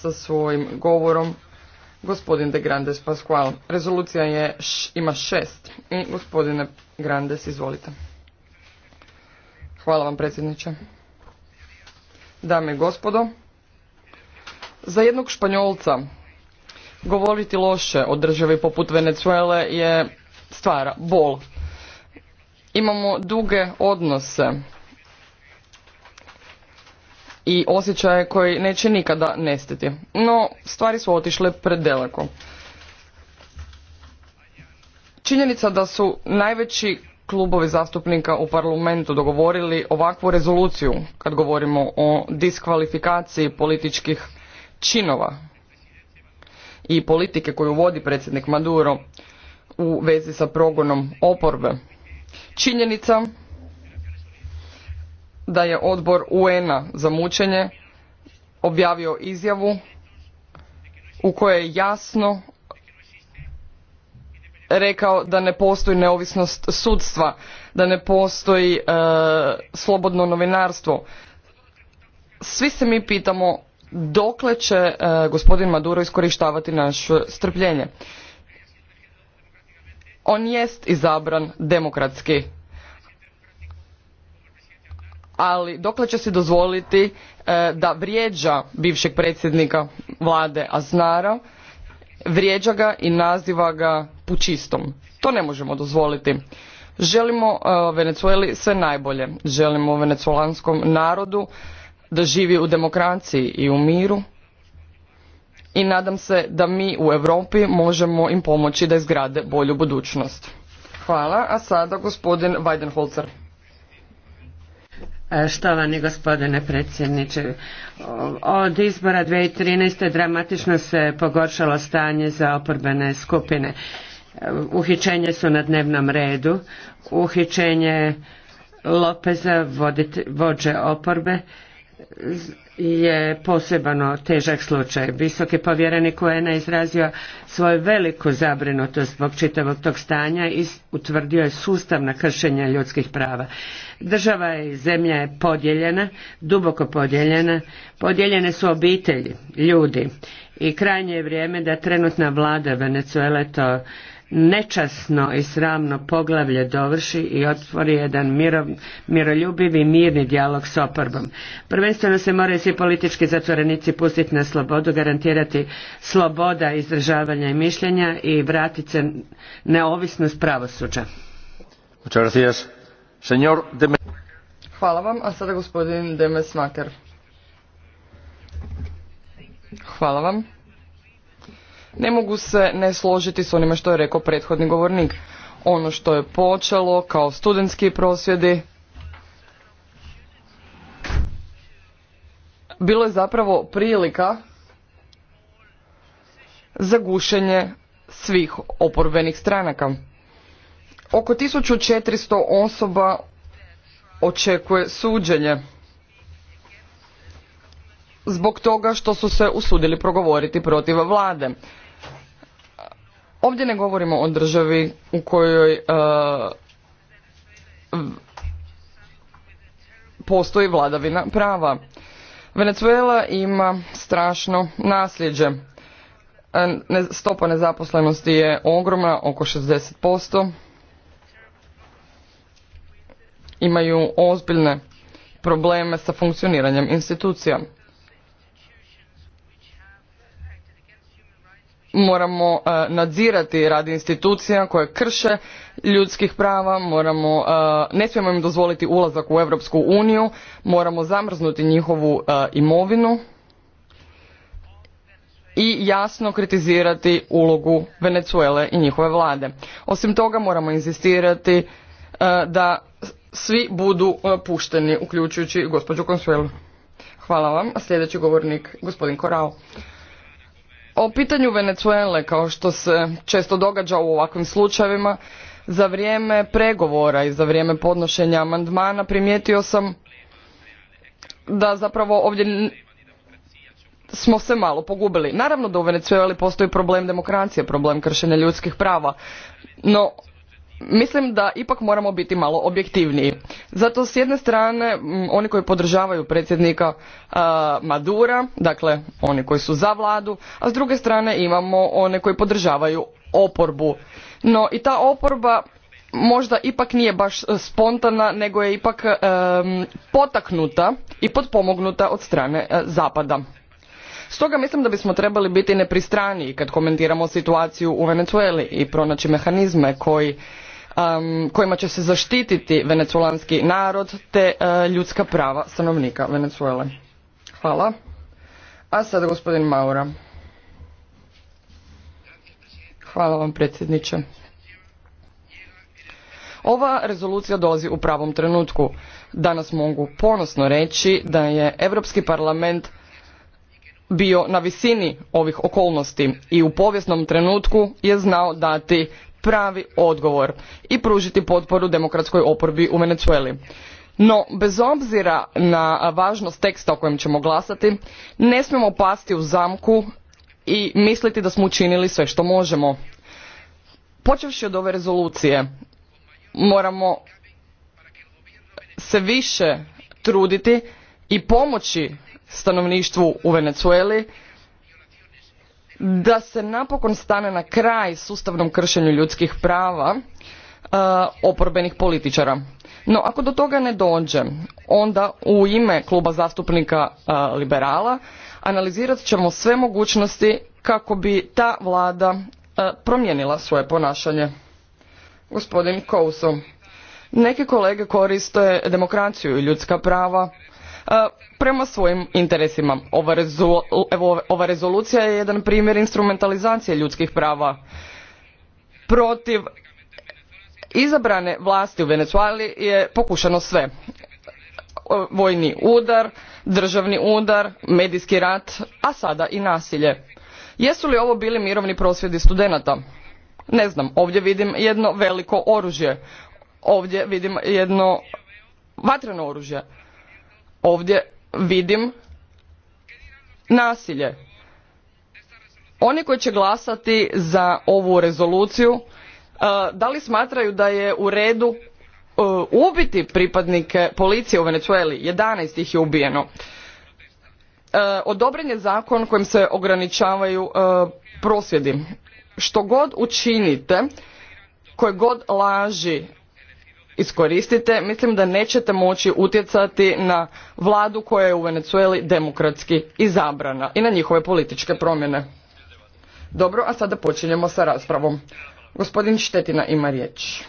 sa svojim govorom gospodin de Grandes Pascual. Rezolucija je, ima šest. I gospodine Grandes, izvolite. Hvala vam predsjedniče. Dame i gospodo, za jednog španjolca govoriti loše o državi poput Venezuele je stvara bol. Imamo duge odnose i osjećaje koji neće nikada nestiti. No, stvari su otišle predeleko. Činjenica da su najveći klubovi zastupnika u parlamentu dogovorili ovakvu rezoluciju kad govorimo o diskvalifikaciji političkih činova i politike koju vodi predsjednik Maduro u vezi sa progonom oporbe. Činjenica da je odbor UN-a za mučenje objavio izjavu u kojoj je jasno rekao da ne postoji neovisnost sudstva, da ne postoji e, slobodno novinarstvo. Svi se mi pitamo dokle će e, gospodin Maduro iskorištavati naše strpljenje. On jest izabran demokratski ali dokle će se dozvoliti e, da vrijeđa bivšeg predsjednika vlade Aznara, vrijeđa ga i naziva ga pučistom. To ne možemo dozvoliti. Želimo e, Venezueli sve najbolje. Želimo venecuelanskom narodu da živi u demokraciji i u miru. I nadam se da mi u Europi možemo im pomoći da izgrade bolju budućnost. Hvala, a sada gospodin Weidenholzer. E, štovani gospodine predsjedniče, od izbora 2013. dramatično se pogoršalo stanje za oporbene skupine. E, uhićenje su na dnevnom redu, uhićenje Lopeza, vođe oporbe, je posebno težak slučaj. Visoki povjerenik UN je izrazio svoju veliku zabrinutost zbog čitavog tog stanja i utvrdio je sustavna kršenje ljudskih prava. Država i zemlja je podijeljena, duboko podijeljena, podijeljene su obitelji, ljudi i krajnje je vrijeme da trenutna vlada Venezuele to nečasno i sramno poglavlje dovrši i otvori jedan miro, miroljubivi mirni dijalog s oporbom. Prvenstveno se moraju svi politički zatvorenici pustiti na slobodu, garantirati sloboda izražavanja i mišljenja i vratiti se neovisnost pravosuđa. Hvala vam, a sada gospodin Demes Hvala vam. Ne mogu se ne složiti s onime što je rekao prethodni govornik. Ono što je počelo kao studentski prosvjedi bilo je zapravo prilika za gušenje svih oporbenih stranaka. Oko 1400 osoba očekuje suđenje zbog toga što su se usudili progovoriti protiv vlade. Ovdje ne govorimo o državi u kojoj e, postoji vladavina prava. Venezuela ima strašno nasljeđe. E, stopa nezaposlenosti je ogromna, oko 60%. Imaju ozbiljne probleme sa funkcioniranjem institucija. moramo e, nadzirati rad institucija koje krše ljudskih prava moramo e, ne smijemo im dozvoliti ulazak u europsku uniju moramo zamrznuti njihovu e, imovinu i jasno kritizirati ulogu venezuele i njihove vlade osim toga moramo inzistirati da svi budu pušteni uključujući gospođu Consuelo. Hvala vam. Sljedeći govornik, gospodin Korao. O pitanju Venezuele, kao što se često događa u ovakvim slučajevima, za vrijeme pregovora i za vrijeme podnošenja amandmana primijetio sam da zapravo ovdje smo se malo pogubili. Naravno da u Venezueli postoji problem demokracije, problem kršenja ljudskih prava, no Mislim da ipak moramo biti malo objektivniji. Zato s jedne strane oni koji podržavaju predsjednika Madura, dakle oni koji su za vladu, a s druge strane imamo one koji podržavaju oporbu. No i ta oporba možda ipak nije baš e, spontana nego je ipak e, potaknuta i potpomognuta od strane e, zapada stoga mislim da bismo trebali biti nepristraniji kad komentiramo situaciju u venezueli i pronaći mehanizme koji Um, kojima će se zaštititi venecuelanski narod te uh, ljudska prava stanovnika Venezuele. Hvala. A sada gospodin Maura. Hvala vam predsjedniče. Ova rezolucija dolazi u pravom trenutku. Danas mogu ponosno reći da je Europski parlament bio na visini ovih okolnosti i u povijesnom trenutku je znao dati pravi odgovor i pružiti potporu demokratskoj oporbi u Venezueli. No, bez obzira na važnost teksta o kojem ćemo glasati, ne smijemo pasti u zamku i misliti da smo učinili sve što možemo. Počevši od ove rezolucije, moramo se više truditi i pomoći stanovništvu u Venezueli da se napokon stane na kraj sustavnom kršenju ljudskih prava e, oporbenih političara. No, ako do toga ne dođe, onda u ime kluba zastupnika e, liberala analizirat ćemo sve mogućnosti kako bi ta vlada e, promijenila svoje ponašanje. Gospodin Kouso, neke kolege koriste demokraciju i ljudska prava E, prema svojim interesima. Ova, ova rezolucija je jedan primjer instrumentalizacije ljudskih prava protiv izabrane vlasti u Venezueli je pokušano sve. E, vojni udar, državni udar, medijski rat, a sada i nasilje. Jesu li ovo bili mirovni prosvjedi studenata? Ne znam, ovdje vidim jedno veliko oružje. Ovdje vidim jedno vatreno oružje ovdje vidim nasilje. Oni koji će glasati za ovu rezoluciju, e, da li smatraju da je u redu e, ubiti pripadnike policije u Venezueli? 11 ih je ubijeno. E, odobren je zakon kojim se ograničavaju prosvjedi. Što god učinite, koje god laži iskoristite, mislim da nećete moći utjecati na vladu koja je u Venecueli demokratski izabrana i na njihove političke promjene. Dobro, a sada počinjemo sa raspravom. Gospodin Štetina ima riječ.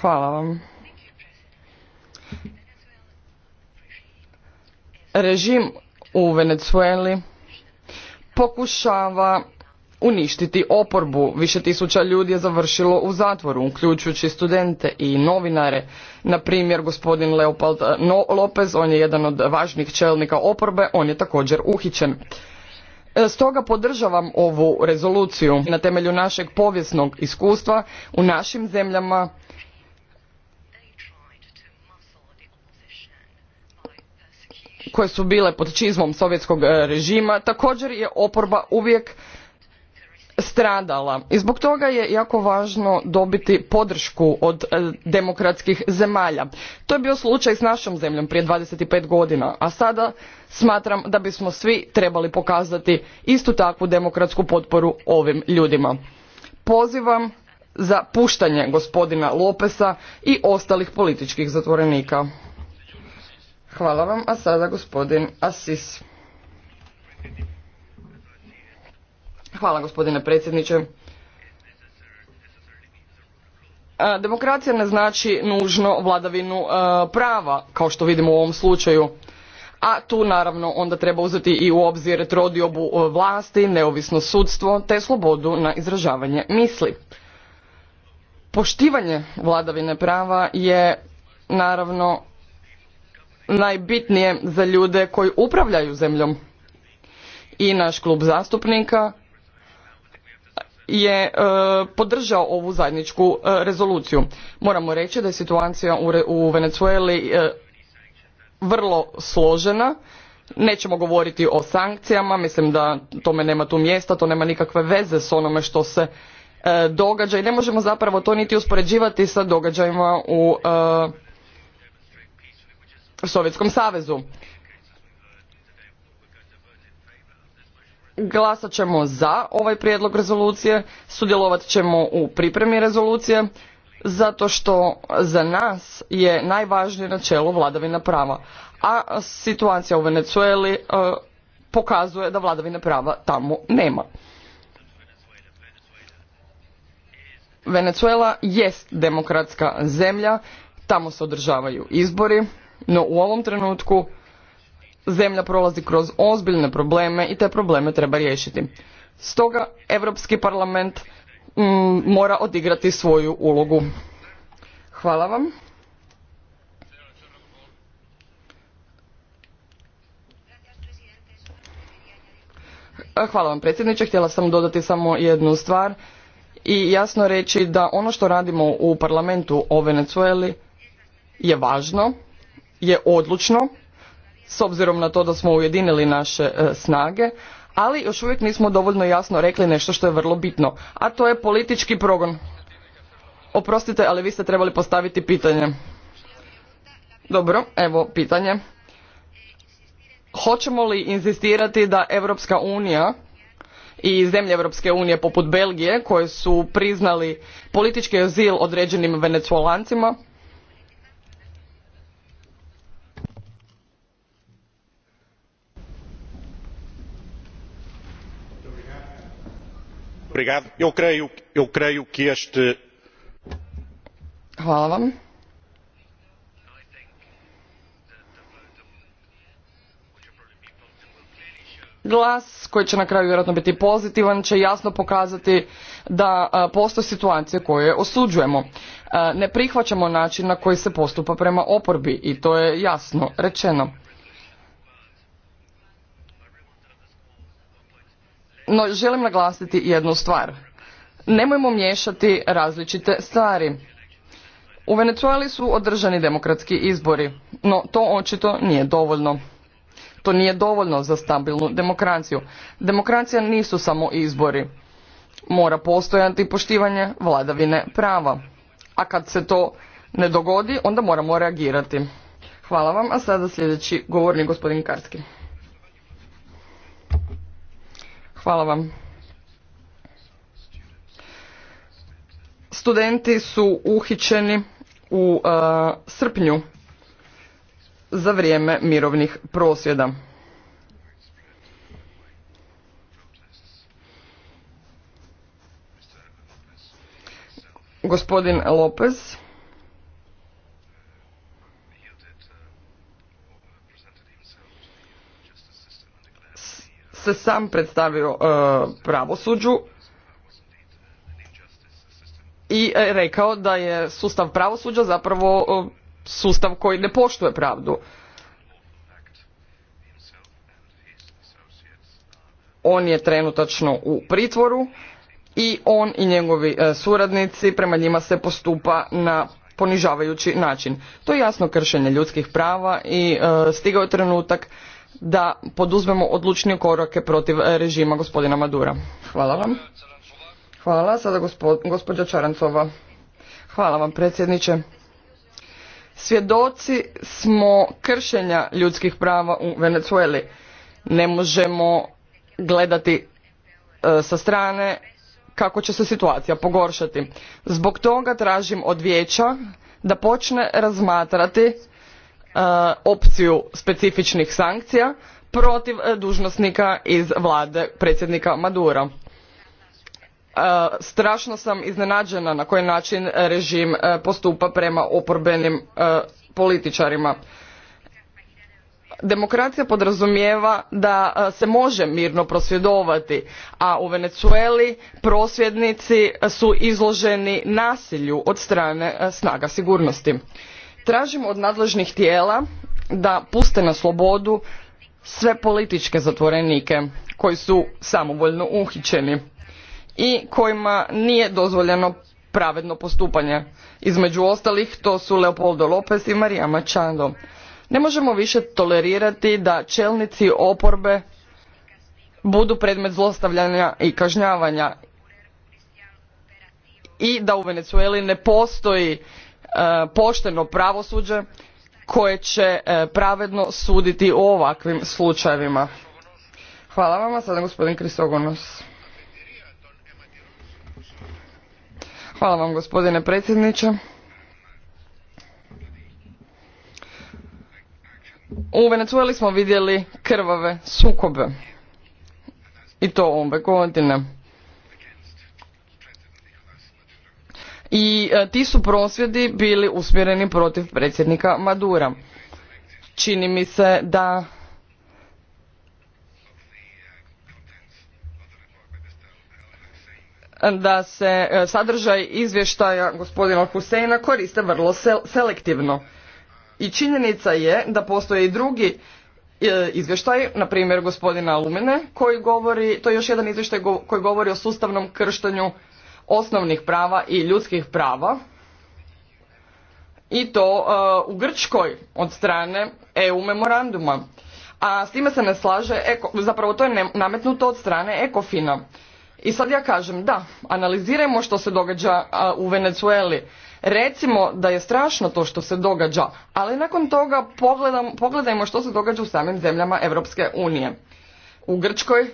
Hvala vam. Režim u Venecueli pokušava uništiti oporbu. Više tisuća ljudi je završilo u zatvoru, uključujući studente i novinare. Na primjer, gospodin Leopold eh, Lopez, on je jedan od važnih čelnika oporbe, on je također uhićen. Eh, stoga podržavam ovu rezoluciju na temelju našeg povijesnog iskustva u našim zemljama koje su bile pod čizmom sovjetskog eh, režima također je oporba uvijek stradala i zbog toga je jako važno dobiti podršku od e, demokratskih zemalja. To je bio slučaj s našom zemljom prije 25 godina, a sada smatram da bismo svi trebali pokazati istu takvu demokratsku potporu ovim ljudima. Pozivam za puštanje gospodina Lopesa i ostalih političkih zatvorenika. Hvala vam, a sada gospodin Asis. Hvala gospodine predsjedniče. E, demokracija ne znači nužno vladavinu e, prava, kao što vidimo u ovom slučaju. A tu naravno onda treba uzeti i u obzir trodiobu e, vlasti, neovisno sudstvo te slobodu na izražavanje misli. Poštivanje vladavine prava je naravno najbitnije za ljude koji upravljaju zemljom. I naš klub zastupnika je e, podržao ovu zajedničku e, rezoluciju. Moramo reći da je situacija u Venezueli e, vrlo složena. Nećemo govoriti o sankcijama, mislim da tome nema tu mjesta, to nema nikakve veze s onome što se događa i ne možemo zapravo to niti uspoređivati sa događajima u Sovjetskom savezu. Glasat ćemo za ovaj prijedlog rezolucije, sudjelovat ćemo u pripremi rezolucije, zato što za nas je najvažnije načelo vladavina prava. A situacija u Venezueli e, pokazuje da vladavine prava tamo nema. Venezuela jest demokratska zemlja, tamo se održavaju izbori, no u ovom trenutku zemlja prolazi kroz ozbiljne probleme i te probleme treba riješiti. Stoga Europski parlament mm, mora odigrati svoju ulogu. Hvala vam. Hvala vam predsjedniče, htjela sam dodati samo jednu stvar i jasno reći da ono što radimo u parlamentu o Venezueli je važno, je odlučno s obzirom na to da smo ujedinili naše e, snage, ali još uvijek nismo dovoljno jasno rekli nešto što je vrlo bitno, a to je politički progon. Oprostite, ali vi ste trebali postaviti pitanje. Dobro, evo pitanje. Hoćemo li inzistirati da Europska unija i zemlje Europske unije poput Belgije koje su priznali politički azil određenim Venezuelancima? Hvala vam. Glas koji će na kraju vjerojatno biti pozitivan će jasno pokazati da postoje situacije koje osuđujemo. Ne prihvaćamo način na koji se postupa prema oporbi i to je jasno rečeno. No, želim naglasiti jednu stvar. Nemojmo miješati različite stvari. U Venezueli su održani demokratski izbori, no to očito nije dovoljno. To nije dovoljno za stabilnu demokraciju. Demokracija nisu samo izbori. Mora postojati poštivanje vladavine prava. A kad se to ne dogodi, onda moramo reagirati. Hvala vam, a sada sljedeći govornik gospodin Karski. Hvala vam. Studenti su uhićeni u e, srpnju za vrijeme mirovnih prosvjeda. Gospodin Lopez se sam predstavio e, pravosuđu i e, rekao da je sustav pravosuđa zapravo e, sustav koji ne poštuje pravdu. On je trenutačno u pritvoru i on i njegovi suradnici prema njima se postupa na ponižavajući način. To je jasno kršenje ljudskih prava i stigao je trenutak da poduzmemo odlučnije korake protiv e, režima gospodina Madura. Hvala vam. Hvala. Sada gospođa Čarancova. Hvala vam predsjedniče. Svjedoci smo kršenja ljudskih prava u Venezueli. Ne možemo gledati e, sa strane kako će se situacija pogoršati. Zbog toga tražim od vijeća da počne razmatrati Eh, opciju specifičnih sankcija protiv eh, dužnosnika iz vlade predsjednika Madura. Eh, strašno sam iznenađena na koji način režim postupa prema oporbenim političarima. Demokracija podrazumijeva da se može mirno prosvjedovati, a u Venezueli prosvjednici su izloženi nasilju od strane snaga sigurnosti. Tražimo od nadležnih tijela da puste na slobodu sve političke zatvorenike koji su samovoljno uhićeni i kojima nije dozvoljeno pravedno postupanje. Između ostalih to su Leopoldo Lopez i Marija Machado. Ne možemo više tolerirati da čelnici oporbe budu predmet zlostavljanja i kažnjavanja i da u Venezueli ne postoji E, pošteno pravosuđe koje će e, pravedno suditi u ovakvim slučajevima. Hvala a sada gospodin Krisogonos. Hvala vam gospodine predsjedniče. U Venecueli smo vidjeli krvave sukobe i to ovom kontinentu i e, ti su prosvjedi bili usmjereni protiv predsjednika Madura. Čini mi se da da se e, sadržaj izvještaja gospodina Huseina koriste vrlo selektivno. I činjenica je da postoje i drugi e, izvještaj, na primjer gospodina Lumine, koji govori, to je još jedan izvještaj koji govori o sustavnom krštenju osnovnih prava i ljudskih prava i to e, u Grčkoj od strane EU memoranduma. A s time se ne slaže, zapravo to je nametnuto od strane Ekofina. I sad ja kažem, da, analizirajmo što se događa u Venezueli. Recimo da je strašno to što se događa, ali nakon toga pogledajmo što se događa u samim zemljama Europske unije. U Grčkoj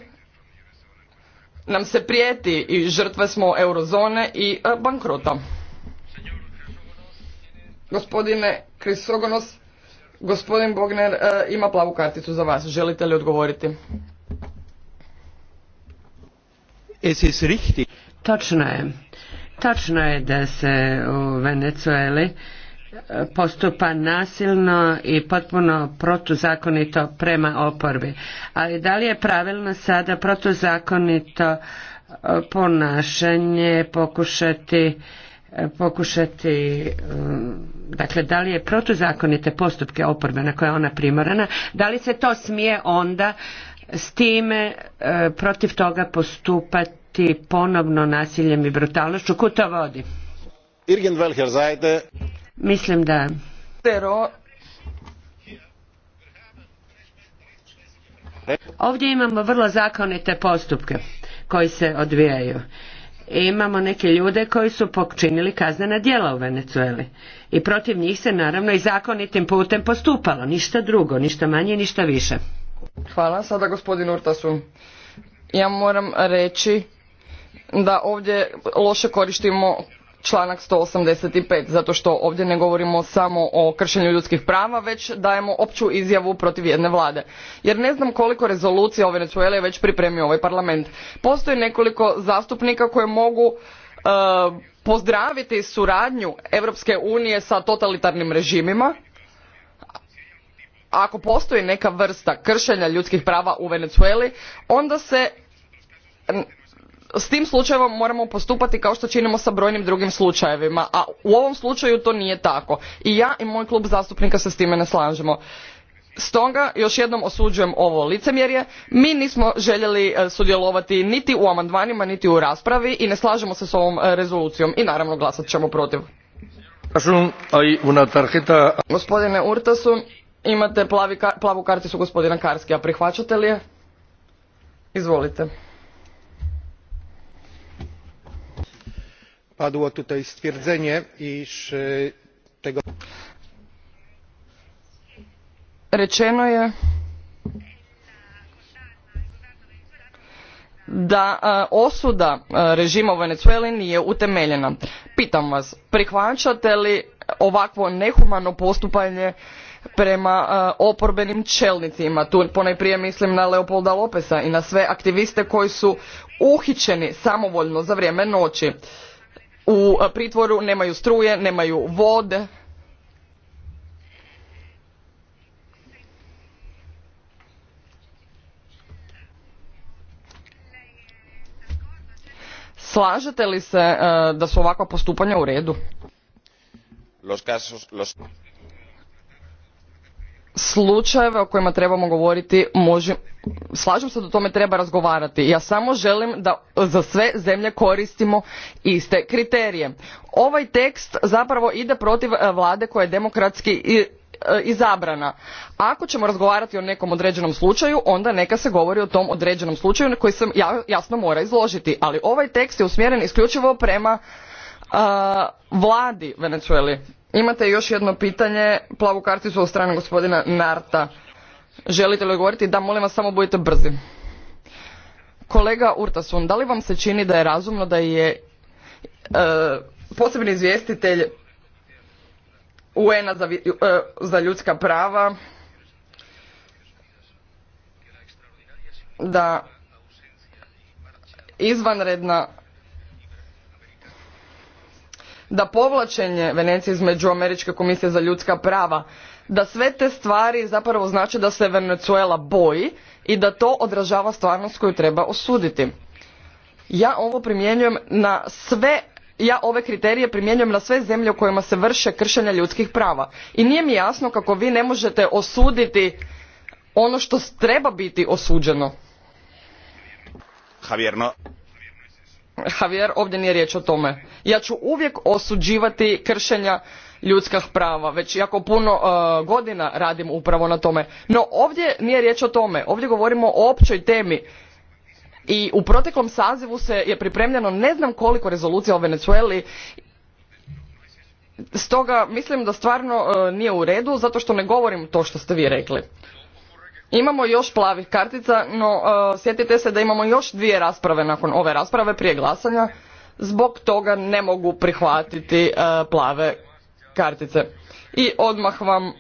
nam se prijeti i žrtve smo eurozone i e, bankrota. Gospodine Krisogonos, gospodin Bogner e, ima plavu karticu za vas. Želite li odgovoriti? Es ist richtig. Točno je. Točno je da se u Venecueli postupa nasilno i potpuno protuzakonito prema oporbi. Ali da li je pravilno sada protuzakonito e, ponašanje pokušati e, pokušati e, dakle da li je protuzakonite postupke oporbe na koje je ona primorana da li se to smije onda s time protiv toga postupati ponovno nasiljem i brutalnošću kud to vodi? Mislim da... Ovdje imamo vrlo zakonite postupke koji se odvijaju. I imamo neke ljude koji su počinili kaznena djela u Venecueli i protiv njih se naravno i zakonitim putem postupalo, ništa drugo, ništa manje, ništa više. Hvala, sada gospodin Urtasu. Ja moram reći da ovdje loše koristimo članak 185 zato što ovdje ne govorimo samo o kršenju ljudskih prava već dajemo opću izjavu protiv jedne vlade jer ne znam koliko rezolucija o Venezueli je već pripremio ovaj parlament postoji nekoliko zastupnika koje mogu e, pozdraviti suradnju Europske unije sa totalitarnim režimima ako postoji neka vrsta kršenja ljudskih prava u Venezueli onda se s tim slučajevom moramo postupati kao što činimo sa brojnim drugim slučajevima a u ovom slučaju to nije tako i ja i moj klub zastupnika se s time ne slažemo stoga još jednom osuđujem ovo licemjerje mi nismo željeli e, sudjelovati niti u amandmanima niti u raspravi i ne slažemo se s ovom e, rezolucijom i naravno glasat ćemo protiv gospodine urtasu imate plavu karticu gospodina karskija prihvaćate li je izvolite padło tutaj stwierdzenie iż e, tego rečeno je da e, osuda e, režima u venezueli nije utemeljena. pitam vas prihvaćate li ovakvo nehumano postupanje prema oporbenim čelnicima tu ponajprije mislim na leopolda lopesa i na sve aktiviste koji su uhićeni samovoljno za vrijeme noći u e, pritvoru nemaju struje nemaju vode slažete li se e, da su ovakva postupanja u redu? Los slučajeve o kojima trebamo govoriti može, slažem se da o tome treba razgovarati. Ja samo želim da za sve zemlje koristimo iste kriterije. Ovaj tekst zapravo ide protiv e, vlade koja je demokratski e, izabrana. Ako ćemo razgovarati o nekom određenom slučaju, onda neka se govori o tom određenom slučaju koji se jasno mora izložiti. Ali ovaj tekst je usmjeren isključivo prema e, vladi Venezueli. Imate još jedno pitanje, plavu karticu od strane gospodina Narta. Želite li govoriti? Da, molim vas, samo budite brzi. Kolega Urtasun, da li vam se čini da je razumno da je e, posebni izvjestitelj UN-a za, e, za ljudska prava da izvanredna da povlačenje Venecije između Američke komisije za ljudska prava, da sve te stvari zapravo znači da se Venezuela boji i da to odražava stvarnost koju treba osuditi. Ja ovo primjenjujem na sve ja ove kriterije primjenjujem na sve zemlje u kojima se vrše kršenja ljudskih prava i nije mi jasno kako vi ne možete osuditi ono što treba biti osuđeno. Javier, Javier, ovdje nije riječ o tome. Ja ću uvijek osuđivati kršenja ljudskih prava. Već jako puno e, godina radim upravo na tome. No ovdje nije riječ o tome. Ovdje govorimo o općoj temi. I u proteklom sazivu se je pripremljeno ne znam koliko rezolucija o Venezueli stoga mislim da stvarno e, nije u redu zato što ne govorim to što ste vi rekli Imamo još plavih kartica, no e, sjetite se da imamo još dvije rasprave nakon ove rasprave prije glasanja. Zbog toga ne mogu prihvatiti e, plave kartice. I odmah vam e,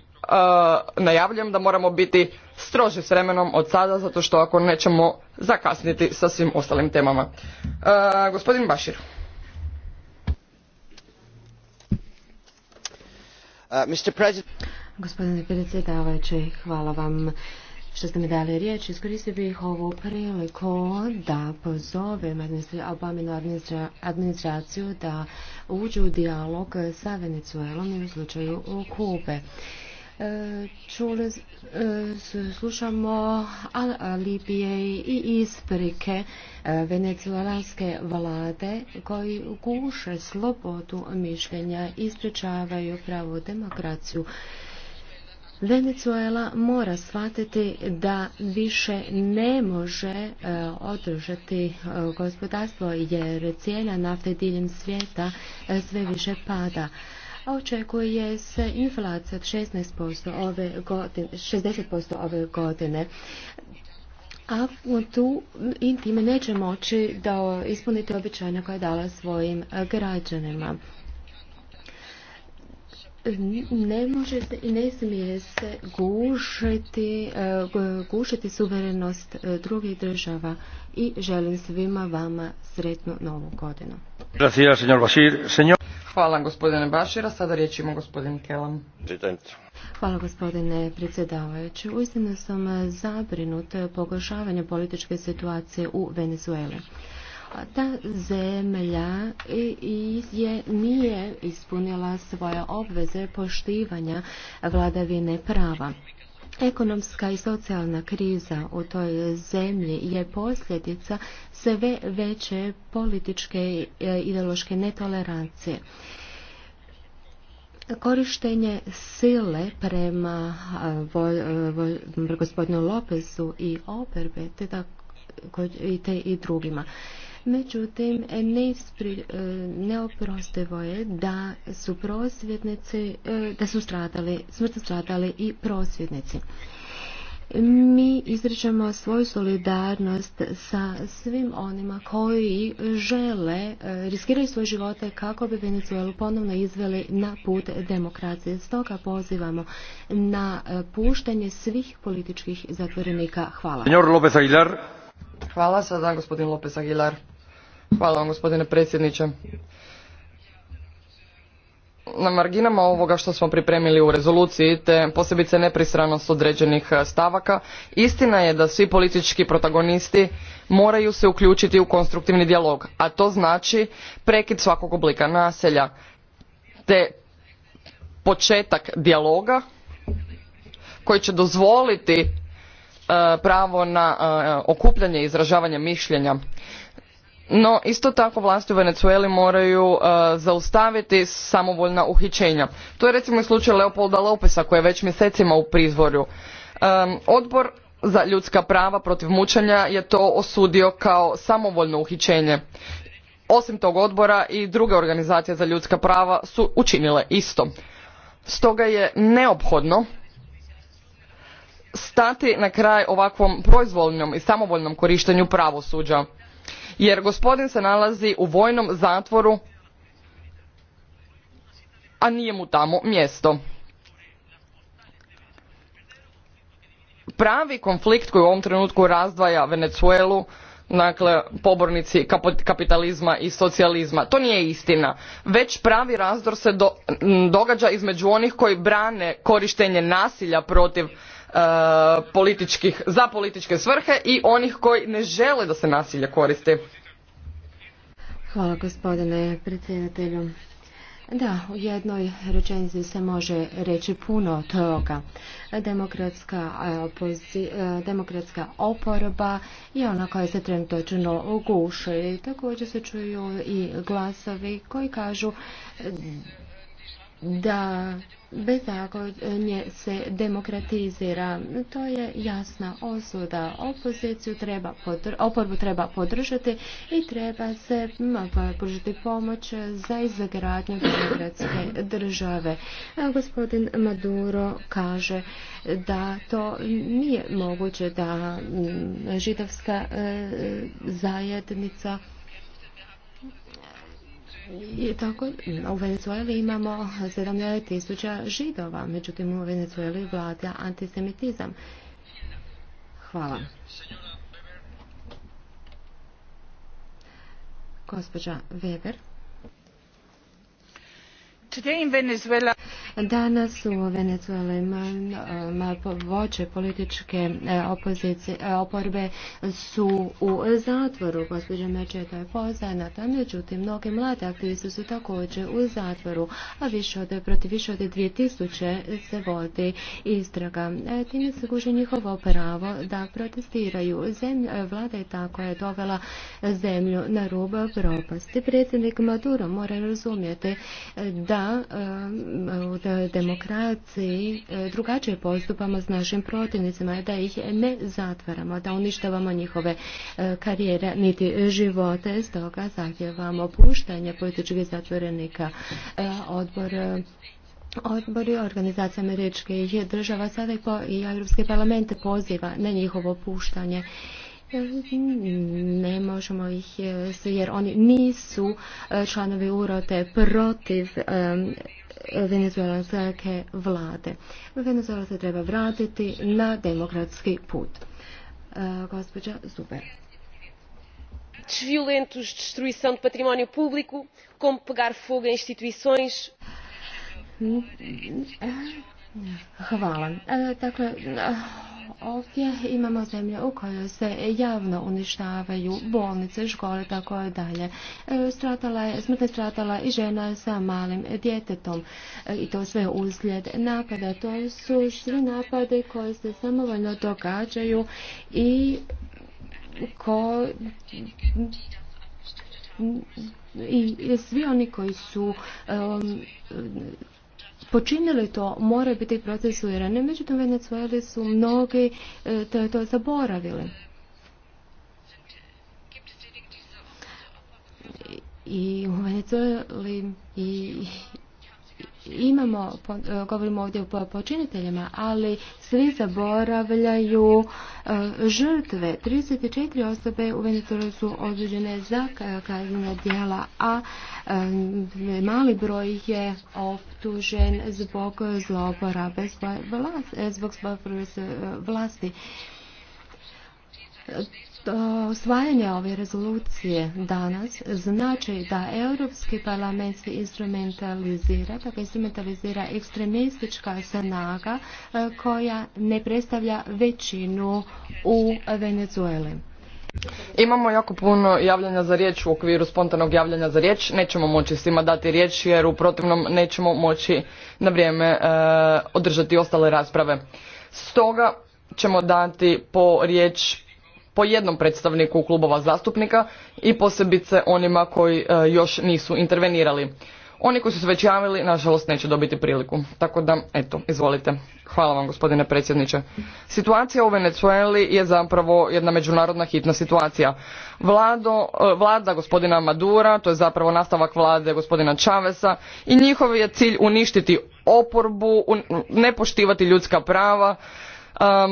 najavljujem da moramo biti stroži s vremenom od sada, zato što ako nećemo zakasniti sa svim ostalim temama. Gospodin Bašir. Uh, Mr. President... hvala vam što ste mi dali riječ. Iskoristio bih ovu priliku da pozovem administraciju da uđu u dijalog sa Venezuelom i u slučaju u Kube. E, čuli, e, slušamo alibije i isprike e, venezuelanske vlade koji kuše slobodu mišljenja i sprečavaju pravu demokraciju. Venezuela mora shvatiti da više ne može e, održati e, gospodarstvo jer cijena nafte diljem svijeta e, sve više pada. Očekuje se inflacija od 16% ove godine, 60% ove godine a tu intime neće moći da ispuniti običajna koja je dala svojim građanima ne možete i ne smije se gušiti, e, gušiti suverenost e, drugih država i želim svima vama sretnu novu godinu. Hvala gospodine Bašira, sada riječ ima gospodin Kelam. Hvala gospodine predsjedavajući. Uistinu sam zabrinut pogošavanje političke situacije u Venezueli ta zemlja je, nije ispunila svoje obveze poštivanja vladavine prava. Ekonomska i socijalna kriza u toj zemlji je posljedica sve veće političke i e, ideološke netolerancije. Korištenje sile prema gospodinu Lopezu i Oberbe, te i, te i drugima. Međutim, e, neoprostivo je da su prosvjednici, e, da su stradali, smrtno stradali i prosvjednici. Mi izričemo svoju solidarnost sa svim onima koji žele, e, riskiraju svoje živote kako bi Venezuelu ponovno izveli na put demokracije. Stoga pozivamo na puštanje svih političkih zatvorenika. Hvala. Hvala sada gospodin Lopez Aguilar. Hvala vam gospodine predsjedniče. Na marginama ovoga što smo pripremili u rezoluciji te posebice nepristranost određenih e, stavaka, istina je da svi politički protagonisti moraju se uključiti u konstruktivni dijalog, a to znači prekid svakog oblika naselja te početak dijaloga koji će dozvoliti E, pravo na e, okupljanje i izražavanje mišljenja no isto tako vlasti u venezueli moraju e, zaustaviti samovoljna uhićenja to je recimo slučaj leopolda lopesa koji je već mjesecima u pritvoru odbor za ljudska prava protiv mučenja je to osudio kao samovoljno uhićenje osim tog odbora i druge organizacije za ljudska prava su učinile isto stoga je neophodno stati na kraj ovakvom proizvoljnom i samovoljnom korištenju pravosuđa jer gospodin se nalazi u vojnom zatvoru a nije mu tamo mjesto pravi konflikt koji u ovom trenutku razdvaja venezuelu dakle pobornici kapitalizma i socijalizma to nije istina već pravi razdor se događa između onih koji brane korištenje nasilja protiv E, političkih, za političke svrhe i onih koji ne žele da se nasilje koristi. Hvala gospodine predsjedatelju. Da, u jednoj rečenici se može reći puno toga. Demokratska, e, e, demokratska oporba je ona koja se trenutno ugušuje. Također se čuju i glasovi koji kažu da bezakonje se demokratizira. To je jasna osuda. Opoziciju treba oporbu treba podržati i treba se pružiti pomoć za izgradnju demokratske države. Gospodin Maduro kaže da to nije moguće da židovska e, zajednica i tako, u Venezueli imamo 17.000 tisuća židova, međutim u Venezueli vlada antisemitizam. Hvala. Gospođa Weber. Danas u Venezueli voće političke e, e, oporbe su u zatvoru. Gospođa Mečeta je poznata, međutim, mnoge mlade aktiviste su također u zatvoru, a više od, protiv više od 2000 se vodi istraga. E, time se guže njihovo pravo da protestiraju. vlada je tako koja je dovela zemlju na rub propasti. Predsjednik Maduro mora razumjeti da da u demokraciji e, drugačije postupamo s našim protivnicima, da ih ne zatvaramo, da uništavamo njihove e, karijere niti živote, stoga zahtjevamo puštanje političkih zatvorenika e, odbor Odbori organizacija američkih država sada i, i Europski parlament poziva na njihovo puštanje Mm, ne možemo ih e, jer oni nisu e, članovi urote protiv venezuelanske vlade. Venezuela se treba vratiti na demokratski put. E, gospođa Zuber. violentos de destruição de património público, como pegar fogo em instituições. Hvala. Dakle, Ovdje imamo zemlje u kojoj se javno uništavaju bolnice, škole, tako dalje. E, stratala je, stratala i žena sa malim djetetom. E, I to sve uslijed napada. To su svi napade koje se samovoljno događaju i ko svi oni koji su um, počinili to moraju biti procesuirani. Međutim, Venecueli su mnogi e, to, zaboravili. I u Venecueli i imamo, e, govorimo ovdje o počiniteljima, ali svi zaboravljaju e, žrtve. 34 osobe u Venezuelu su odluđene za kaznena djela, a e, mali broj je optužen zbog zloporabe, zbog svoje vlasti Osvajanje ove rezolucije danas znači da Europski parlament se instrumentalizira, tako instrumentalizira ekstremistička snaga e, koja ne predstavlja većinu u Venezueli. Imamo jako puno javljanja za riječ u okviru spontanog javljanja za riječ. Nećemo moći svima dati riječ jer u protivnom nećemo moći na vrijeme e, održati ostale rasprave. Stoga ćemo dati po riječ po jednom predstavniku klubova zastupnika i posebice onima koji e, još nisu intervenirali. Oni koji su se već javili, nažalost, neće dobiti priliku. Tako da, eto, izvolite. Hvala vam, gospodine predsjedniče. Situacija u Venezueli je zapravo jedna međunarodna hitna situacija. Vlado, e, vlada gospodina Madura, to je zapravo nastavak vlade gospodina Čavesa i njihov je cilj uništiti oporbu, ne poštivati ljudska prava,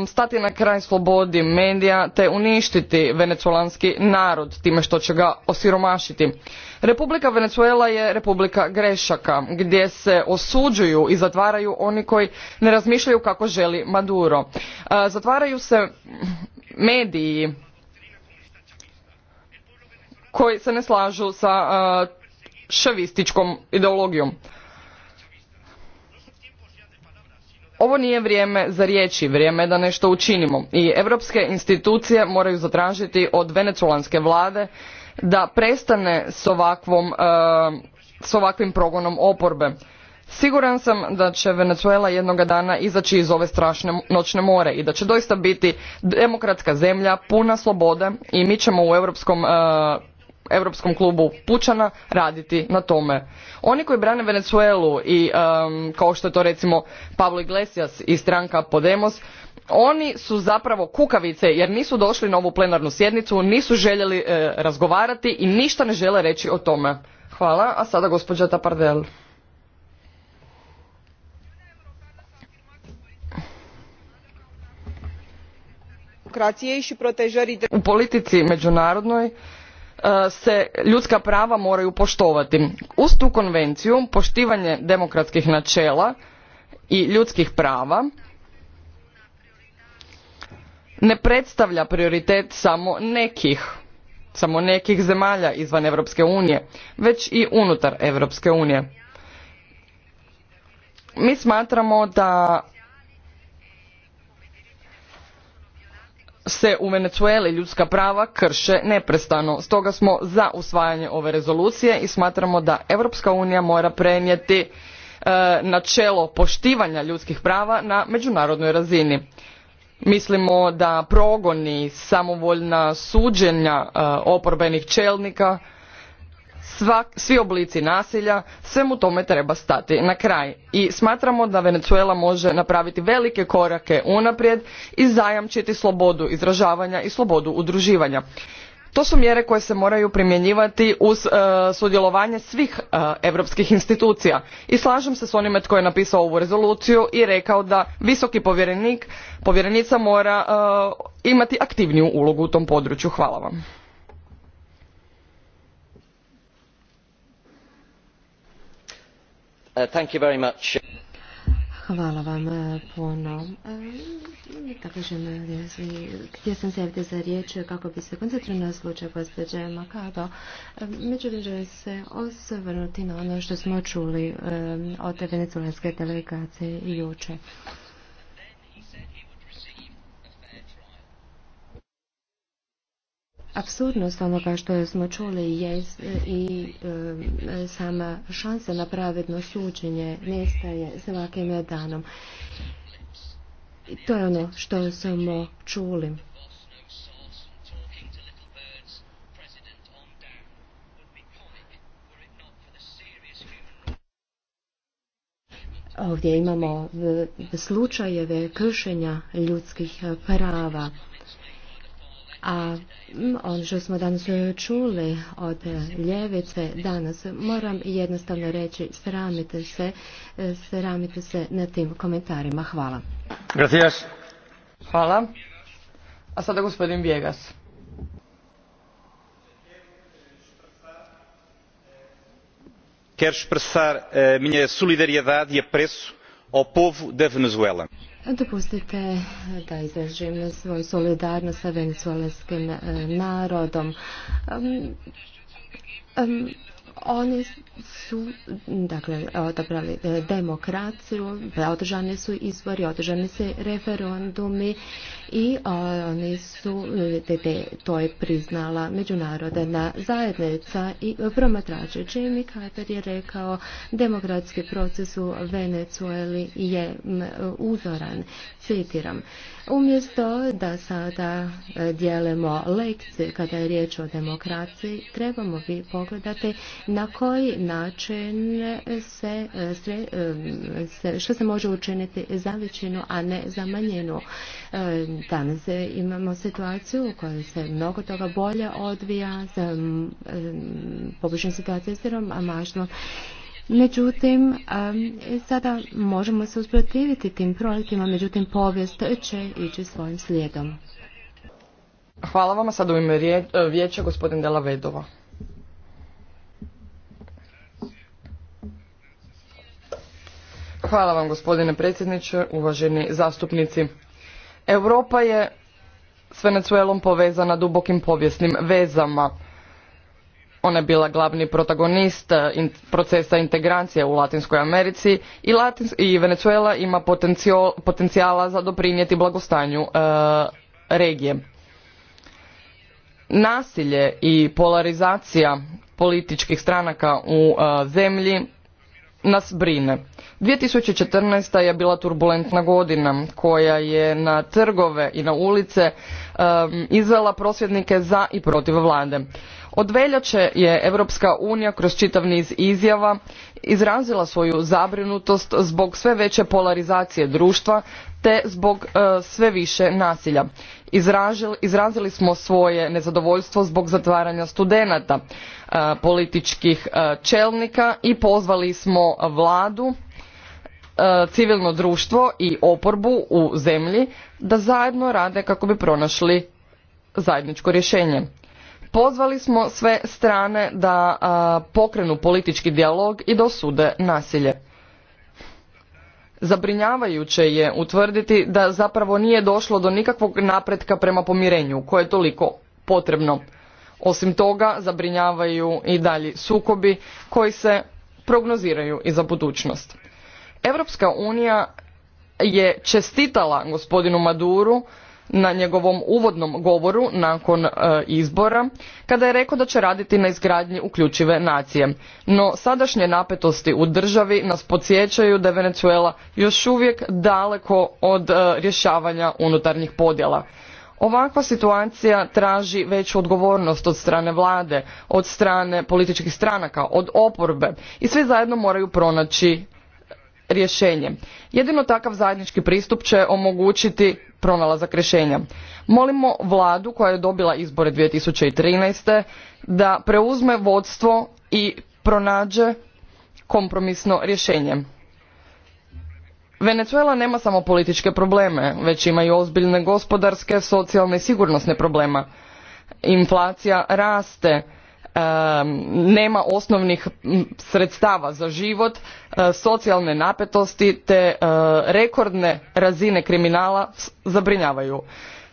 stati na kraj slobodi medija te uništiti venezuelanski narod time što će ga osiromašiti. Republika Venezuela je republika grešaka gdje se osuđuju i zatvaraju oni koji ne razmišljaju kako želi Maduro. zatvaraju se mediji koji se ne slažu sa eh, ideologijom. Ovo nije vrijeme za riječi, vrijeme je da nešto učinimo i europske institucije moraju zatražiti od Venezuelanske vlade da prestane s, ovakvom, e, s ovakvim progonom oporbe. Siguran sam da će Venezuela jednoga dana izaći iz ove strašne noćne more i da će doista biti demokratska zemlja puna slobode i mi ćemo u Europskom e, Europskom klubu Pučana raditi na tome. Oni koji brane Venezuelu i kao što je to recimo Pablo Iglesias i stranka Podemos, oni su zapravo kukavice jer nisu došli na ovu plenarnu sjednicu, nisu željeli e, razgovarati i ništa ne žele reći o tome. Hvala, a sada gospođa Tapardel. U politici međunarodnoj E, se ljudska prava moraju poštovati. Uz tu konvenciju poštivanje demokratskih načela i ljudskih prava ne predstavlja prioritet samo nekih samo nekih zemalja izvan Europske unije, već i unutar Europske unije. Mi smatramo da se u Venezueli ljudska prava krše neprestano. Stoga smo za usvajanje ove rezolucije i smatramo da Europska unija mora prenijeti e, načelo poštivanja ljudskih prava na međunarodnoj razini. Mislimo da progoni, samovoljna suđenja e, oporbenih čelnika svi oblici nasilja, svemu tome treba stati na kraj. I smatramo da Venezuela može napraviti velike korake unaprijed i zajamčiti slobodu izražavanja i slobodu udruživanja. To su mjere koje se moraju primjenjivati uz e, sudjelovanje svih europskih institucija. I slažem se s onime tko je napisao ovu rezoluciju i rekao da visoki povjerenik, povjerenica mora e, imati aktivniju ulogu u tom području. Hvala vam. Uh, thank you very much. Hvala vam uh, puno. E, da kažem, htio e, sam se ovdje za riječ kako bi se koncentrirala na slučaj gospođe Makado. E, međutim, želim se osvrnuti na ono što smo čuli od venezuelske delegacije juče. Apsurdnost onoga što smo čuli je i e, sama šansa na pravedno suđenje nestaje svakim danom. To je ono što smo čuli. Ovdje imamo slučajeve kršenja ljudskih prava a ono što smo danas e, čuli od ljevice danas, moram jednostavno reći, sramite se, e, sramite se na tim komentarima. Hvala. Gracias. Hvala. A sada gospodin Vjegas. Quero expressar a eh, minha solidariedade e apreço ao povo da Venezuela. Dopustite da izražim svoju solidarnost sa venezuelanskim e, narodom. oni su dakle odabrali e, demokraciju, održani su izbori, održani se referendumi i oni su, to je priznala međunarodna zajednica i promatrače. Jimmy Carter je rekao demokratski proces u Venezueli je uzoran. Citiram. Umjesto da sada e, dijelimo lekcije kada je riječ o demokraciji, trebamo bi pogledati na koji način se, e, e, se, što se može učiniti za većinu, a ne za manjinu. E, danas e, imamo situaciju u kojoj se mnogo toga bolje odvija, situaciju e, situacija s mažno. Međutim, sada možemo se usprotiviti tim projektima, međutim povijest će ići svojim slijedom. Hvala vam, sad u ime vijeća gospodin Dela Vedova. Hvala vam gospodine predsjedniče, uvaženi zastupnici. Europa je s Venezuelom povezana dubokim povijesnim vezama. Ona je bila glavni protagonist eh, procesa integracije u Latinskoj Americi i, Latins i Venezuela ima potencijala za doprinijeti blagostanju eh, regije. Nasilje i polarizacija političkih stranaka u eh, zemlji nas brine. 2014. je bila turbulentna godina koja je na trgove i na ulice um, izvela prosvjednike za i protiv vlade. Od veljače je Europska unija kroz čitav niz izjava izrazila svoju zabrinutost zbog sve veće polarizacije društva te zbog e, sve više nasilja. izrazili smo svoje nezadovoljstvo zbog zatvaranja studenata, e, političkih e, čelnika i pozvali smo vladu, civilno društvo i oporbu u zemlji da zajedno rade kako bi pronašli zajedničko rješenje. Pozvali smo sve strane da pokrenu politički dijalog i dosude nasilje. Zabrinjavajuće je utvrditi da zapravo nije došlo do nikakvog napretka prema pomirenju koje je toliko potrebno. Osim toga zabrinjavaju i dalji sukobi koji se prognoziraju i za budućnost. Europska unija je čestitala gospodinu Maduru na njegovom uvodnom govoru nakon e, izbora kada je rekao da će raditi na izgradnji uključive nacije no sadašnje napetosti u državi nas podsjećaju da je venezuela još uvijek daleko od e, rješavanja unutarnjih podjela ovakva situacija traži veću odgovornost od strane vlade od strane političkih stranaka od oporbe i svi zajedno moraju pronaći rješenje. Jedino takav zajednički pristup će omogućiti pronalazak rješenja. Molimo vladu koja je dobila izbore 2013. da preuzme vodstvo i pronađe kompromisno rješenje. Venezuela nema samo političke probleme, već ima i ozbiljne gospodarske, socijalne i sigurnosne problema. Inflacija raste, nema osnovnih sredstava za život e, socijalne napetosti te e, rekordne razine kriminala zabrinjavaju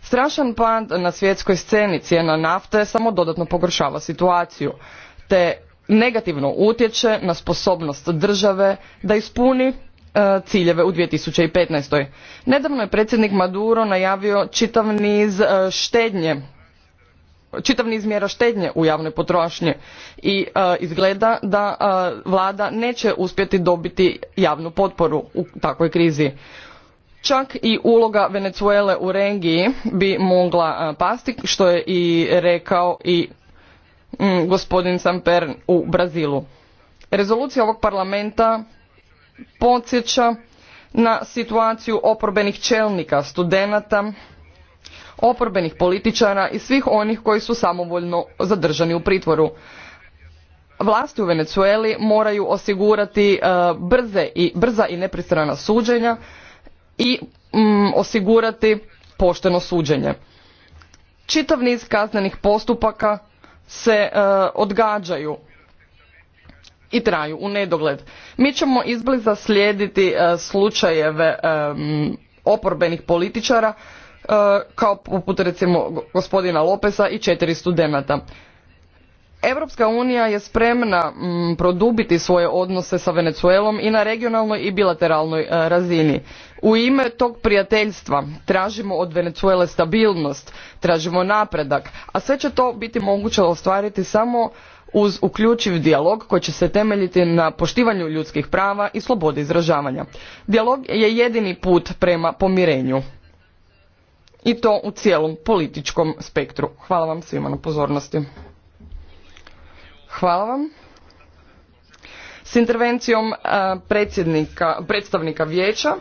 strašan pad na svjetskoj sceni cijena nafte samo dodatno pogoršava situaciju te negativno utječe na sposobnost države da ispuni e, ciljeve u. 2015. nedavno je predsjednik maduro najavio čitav niz štednje čitav niz mjera štednje u javnoj potrošnji i e, izgleda da e, vlada neće uspjeti dobiti javnu potporu u takvoj krizi. Čak i uloga Venezuele u regiji bi mogla e, pasti, što je i rekao i mm, gospodin Samper u Brazilu. Rezolucija ovog parlamenta podsjeća na situaciju oporbenih čelnika, studenata, oporbenih političara i svih onih koji su samovoljno zadržani u pritvoru. Vlasti u Venecueli moraju osigurati e, brze i, brza i nepristrana suđenja i mm, osigurati pošteno suđenje. Čitav niz kaznenih postupaka se e, odgađaju i traju u nedogled. Mi ćemo izbliza slijediti e, slučajeve oporbenih političara Eh, kao poput recimo gospodina Lopesa i četiri studenata. Europska unija je spremna mm, produbiti svoje odnose sa Venecuelom i na regionalnoj i bilateralnoj eh, razini. U ime tog prijateljstva tražimo od Venezuele stabilnost, tražimo napredak, a sve će to biti moguće ostvariti samo uz uključiv dijalog koji će se temeljiti na poštivanju ljudskih prava i slobodi izražavanja. Dijalog je jedini put prema pomirenju i to u cijelom političkom spektru. Hvala vam svima na pozornosti. Hvala vam. S intervencijom predstavnika vijeća